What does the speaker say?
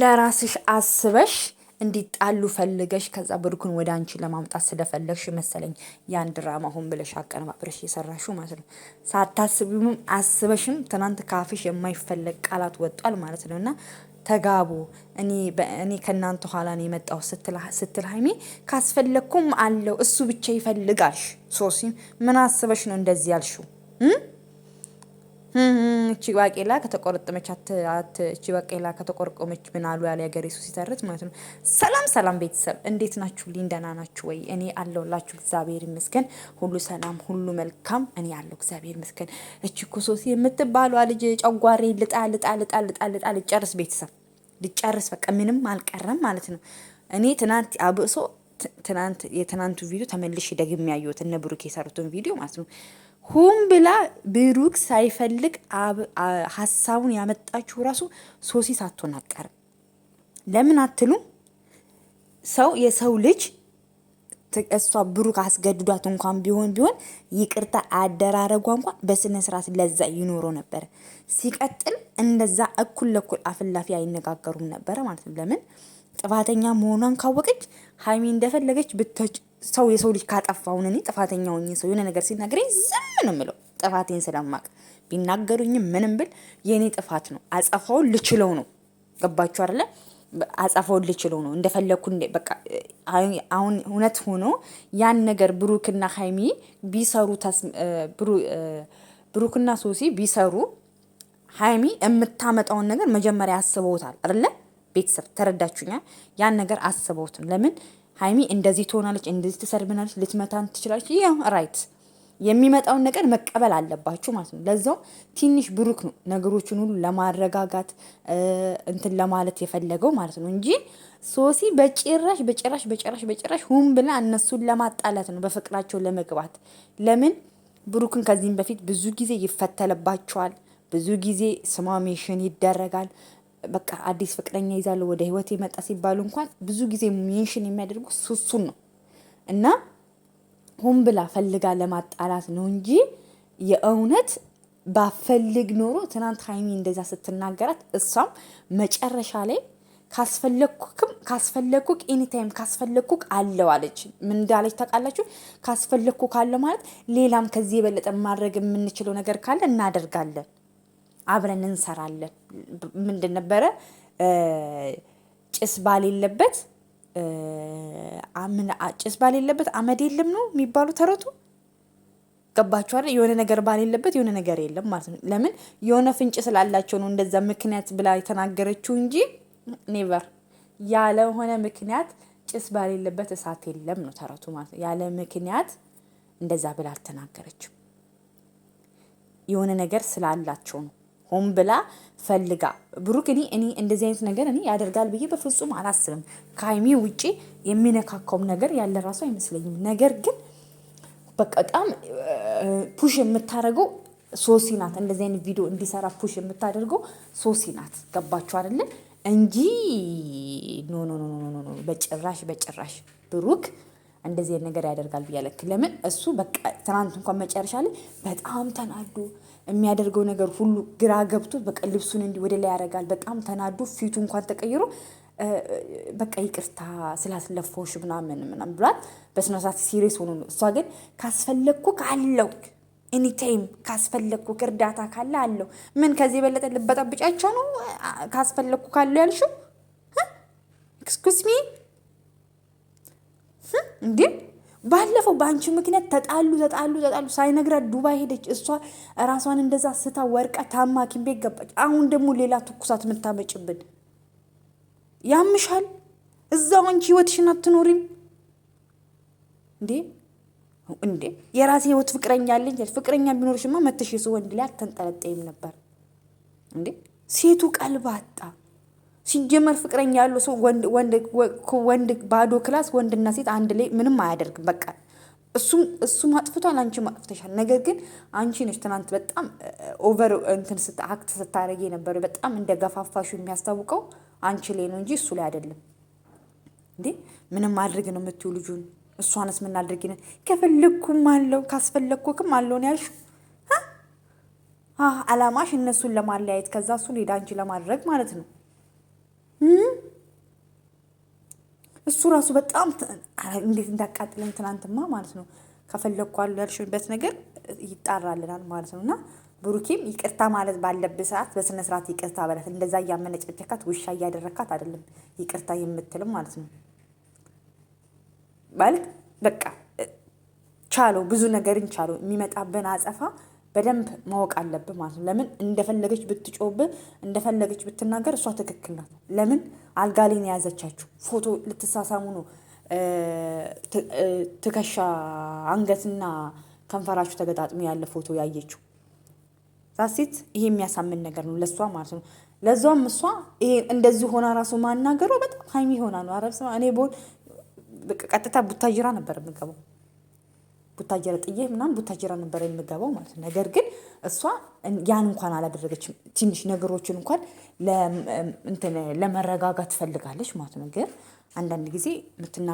ለራስሽ አስበሽ እንዲጣሉ ፈልገሽ ከዛ ብሩክን ወደ አንቺ ለማምጣት ስለፈለግሽ መሰለኝ ያን ድራማ ሆን ብለሽ አቀነባብረሽ የሰራሽው ማለት ነው። ሳታስቢም አስበሽም ትናንት ካፍሽ የማይፈለግ ቃላት ወጧል ማለት ነው እና ተጋቡ እኔ ከእናንተ ኋላ ነው የመጣው ስትል ሀይሜ ካስፈለግኩም አለው እሱ ብቻ ይፈልጋልሽ። ሶሲ ምን አስበሽ ነው እንደዚህ ያልሽው? እቺ ባቄላ ከተቆረጠመች አት እቺ ባቄላ ከተቆረቆመች ምን አሉ ያለ ያገሬ ሱ ሲተርት ማለት ነው። ሰላም ሰላም ቤተሰብ እንዴት ናችሁ? ልኝ ደህና ናችሁ ወይ? እኔ አለሁላችሁ እግዚአብሔር ይመስገን። ሁሉ ሰላም፣ ሁሉ መልካም። እኔ አለሁ እግዚአብሔር ይመስገን። እቺ ኮሶሲ የምትባሏ ልጅ ጨጓሬ ልጣ ልጣ ልጣ ልጣ ልጣ ልጨርስ ቤተሰብ ልጨርስ በቃ ምንም አልቀረም ማለት ነው። እኔ ትናንት አብሶ ትናንት የትናንቱ ቪዲዮ ተመልሼ ደግሜ ያየሁት እነ ብሩክ የሰሩትን ቪዲዮ ማለት ነው ሁም ብላ ብሩክ ሳይፈልግ ሀሳቡን ያመጣችሁ ራሱ ሶሲ ሳትሆን አትቀርም። ለምን አትሉ? ሰው የሰው ልጅ እሷ ብሩክ አስገድዷት እንኳን ቢሆን ቢሆን ይቅርታ አደራረጓ እንኳን በስነ ስርዓት ለዛ ይኖረው ነበረ። ሲቀጥል እንደዛ እኩል ለኩል አፍላፊ አይነጋገሩም ነበረ ማለት ነው። ለምን ጥፋተኛ መሆኗን ካወቀች ሀይሚ እንደፈለገች ብተጭ ሰው የሰው ልጅ ካጠፋውን እኔ ጥፋተኛ ሆኜ ሰው የሆነ ነገር ሲናገረኝ ዝም ነው የምለው፣ ጥፋቴን ስለማቅ ቢናገሩኝም ምንም ብል የእኔ ጥፋት ነው። አጸፋውን ልችለው ነው። ገባችሁ አይደለ? አጸፋውን ልችለው ነው። እንደፈለግኩ በቃ አሁን እውነት ሆኖ ያን ነገር ብሩክና ሀይሚ ቢሰሩ ብሩክና ሶሲ ቢሰሩ ሀይሚ የምታመጣውን ነገር መጀመሪያ አስበውታል አይደለ? ቤተሰብ ተረዳችሁኛል? ያን ነገር አስበውትም ለምን ሀይሚ እንደዚህ ትሆናለች፣ እንደዚህ ትሰርብናለች፣ ልትመታን ትችላለች። ያው ራይት የሚመጣውን ነገር መቀበል አለባችሁ ማለት ነው። ለዛው ትንሽ ብሩክ ነው ነገሮችን ሁሉ ለማረጋጋት እንትን ለማለት የፈለገው ማለት ነው እንጂ ሶሲ በጭራሽ በጭራሽ በጭራሽ በጭራሽ ሁም ብላ እነሱን ለማጣላት ነው በፍቅራቸው ለመግባት። ለምን ብሩክን ከዚህም በፊት ብዙ ጊዜ ይፈተልባቸዋል፣ ብዙ ጊዜ ስማሜሽን ይደረጋል። በቃ አዲስ ፍቅረኛ ይዛለሁ ወደ ህይወት የመጣ ሲባሉ እንኳን ብዙ ጊዜ ሜንሽን የሚያደርጉ ሱሱን ነው እና ሁም ብላ ፈልጋ ለማጣላት ነው እንጂ የእውነት ባፈልግ ኖሮ ትናንት ሀይሚ እንደዛ ስትናገራት እሷም መጨረሻ ላይ ካስፈለግኩክም ካስፈለግኩክ ኤኒታይም ካስፈለግኩክ አለው አለች። ምን እንዳለች ታውቃላችሁ? ካስፈለግኩክ አለው ማለት ሌላም ከዚህ የበለጠ ማድረግ የምንችለው ነገር ካለ እናደርጋለን አብረን እንሰራለን። ምንድን ነበረ ጭስ ባሌለበት ጭስ ባሌለበት አመድ የለም ነው የሚባሉ ተረቱ ገባችኋል? የሆነ ነገር ባሌለበት የሆነ ነገር የለም ማለት ነው። ለምን የሆነ ፍንጭ ስላላቸው ነው እንደዛ ምክንያት ብላ የተናገረችው እንጂ ኔቨር ያለሆነ ምክንያት ጭስ ባሌለበት እሳት የለም ነው ተረቱ ማለት ነው። ያለ ምክንያት እንደዛ ብላ አልተናገረችም። የሆነ ነገር ስላላቸው ነው። ሆን ብላ ፈልጋ ብሩክ፣ እኔ እኔ እንደዚህ አይነት ነገር እኔ ያደርጋል ብዬ በፍጹም አላስብም። ከሀይሚ ውጪ የሚነካካውም ነገር ያለ ራሱ አይመስለኝም። ነገር ግን በጣም ፑሽ የምታደርገው ሶሲ ናት። እንደዚህ አይነት ቪዲዮ እንዲሰራ ፑሽ የምታደርገው ሶሲ ናት። ገባችሁ አይደለ? እንጂ ኖ ኖ ኖ ኖ፣ በጭራሽ በጭራሽ ብሩክ እንደዚህ ነገር ያደርጋል ብያለክ። ለምን እሱ በቃ ትናንት እንኳን መጨረሻ ላይ በጣም ተናዶ የሚያደርገው ነገር ሁሉ ግራ ገብቶ በቃ ልብሱን እንዲህ ወደ ላይ ያደርጋል። በጣም ተናዶ ፊቱ እንኳን ተቀይሮ በቃ ይቅርታ ስላስለፈውሽ ምናምን ምናምን ብሏት በስነ ስርዓት ሲሪየስ ሆኖ ነው። እሷ ግን ካስፈለግኩ ካለው ኤኒታይም ካስፈለግኩ እርዳታ ካለ አለው። ምን ከዚህ የበለጠ ልበጠብጫቸው ነው? ካስፈለግኩ ካለው ያልሽው ኤክስኩስ ሚ እንዴ ባለፈው በአንቺ ምክንያት ተጣሉ ተጣሉ ተጣሉ ሳይነግራት ዱባይ ሄደች። እሷ ራሷን እንደዛ ስታ ወርቃ ታማ ሐኪም ቤት ገባች። አሁን ደግሞ ሌላ ትኩሳት የምታመጭብን ያምሻል። እዛው አንቺ ህይወትሽን አትኖሪም እንዴ? እንዴ የራሴ ህይወት ፍቅረኛ አለኝ። ፍቅረኛ ቢኖርሽማ መተሽ የሰው ወንድ ላይ አልተንጠለጠይም ነበር እንዴ? ሴቱ ቀልብ አጣ። ሲጀመር ፍቅረኛ ያለው ሰው ወንድ ባዶ ክላስ ወንድና ሴት አንድ ላይ ምንም አያደርግም። በቃ እሱም አጥፍቷል፣ አንቺ አጥፍተሻል። ነገር ግን አንቺ ነች ትናንት በጣም ኦቨር እንትን አክት ስታደርግ የነበረ በጣም እንደ ገፋፋሹ የሚያስታውቀው አንቺ ላይ ነው እንጂ እሱ ላይ አይደለም። እንዴ ምንም አድርግ ነው የምትዩ ልጁን እሷንስ ምን አድርግ ከፈለግኩም አለው ካስፈለግኩክም አለው ነው ያልሽው አላማሽ እነሱን ለማለያየት ከዛ እሱን ሄዳ አንቺ ለማድረግ ማለት ነው። እሱ ራሱ በጣም እንዴት እንዳቃጥለን ትናንትማ ማለት ነው። ከፈለግኳሉ ያልሽበት ነገር ይጣራልናል ማለት ነው። እና ብሩኬም ይቅርታ ማለት ባለብህ ሰዓት በስነ ስርዓት ይቅርታ በላት። እንደዛ እያመነጨጨካት ውሻ እያደረካት አይደለም ይቅርታ የምትልም ማለት ነው። ማለት በቃ ቻለው ብዙ ነገርን ቻለው የሚመጣብን አጸፋ በደንብ ማወቅ አለብህ ማለት ነው። ለምን እንደፈለገች ብትጮብህ እንደፈለገች ብትናገር እሷ ትክክል ናት። ለምን አልጋ ላይ ነው የያዘቻችሁ። ፎቶ ልትሳሳሙ ነው። ትከሻ አንገትና ከንፈራችሁ ተገጣጥሞ ያለ ፎቶ ያየችው ሳሴት፣ ይሄ የሚያሳምን ነገር ነው ለእሷ ማለት ነው። ለዛም እሷ ይሄ እንደዚህ ሆና ራሱ ማናገሯ በጣም ሀይሚ ሆና ነው። አረብስ እኔ ቦል ቀጥታ ቡታጅራ ነበር የምገባው። ቡታጀራ ጥዬ ምናምን ቡታጀራ ነበረ የምገባው ማለት ነው። ነገር ግን እሷ ያን እንኳን አላደረገችም። ትንሽ ነገሮችን እንኳን ለመረጋጋት ትፈልጋለች ማለት ነው። ግን አንዳንድ ጊዜ ምትና